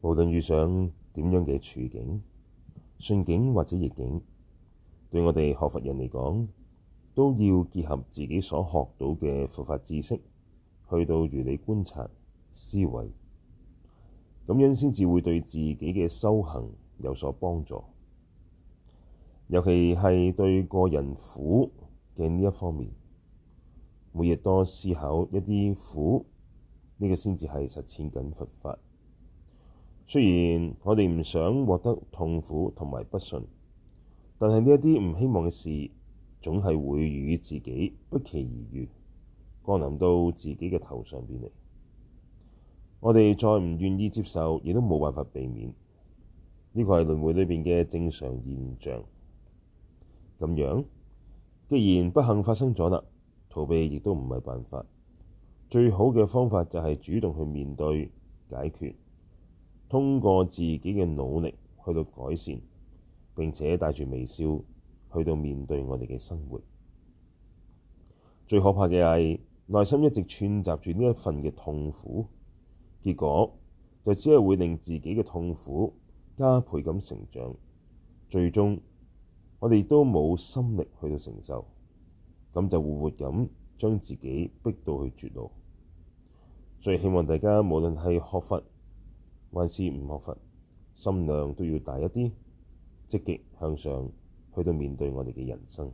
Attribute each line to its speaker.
Speaker 1: 無論遇上點樣嘅處境、順境或者逆境，對我哋學佛人嚟講，都要結合自己所學到嘅佛法知識，去到如理觀察思維，咁樣先至會對自己嘅修行有所幫助。尤其係對個人苦嘅呢一方面，每日多思考一啲苦，呢個先至係實踐緊佛法。雖然我哋唔想獲得痛苦同埋不順，但係呢一啲唔希望嘅事，總係會與自己不期而遇，降臨到自己嘅頭上邊嚟。我哋再唔願意接受，亦都冇辦法避免。呢個係輪回裏邊嘅正常現象。咁樣，既然不幸發生咗啦，逃避亦都唔係辦法。最好嘅方法就係主動去面對、解決。通過自己嘅努力去到改善，並且帶住微笑去到面對我哋嘅生活。最可怕嘅係內心一直串習住呢一份嘅痛苦，結果就只係會令自己嘅痛苦加倍咁成長，最終我哋都冇心力去到承受，咁就活活咁將自己逼到去絕路。最希望大家無論係學佛，還是唔學佛，心量都要大一啲，積極向上，去到面對我哋嘅人生。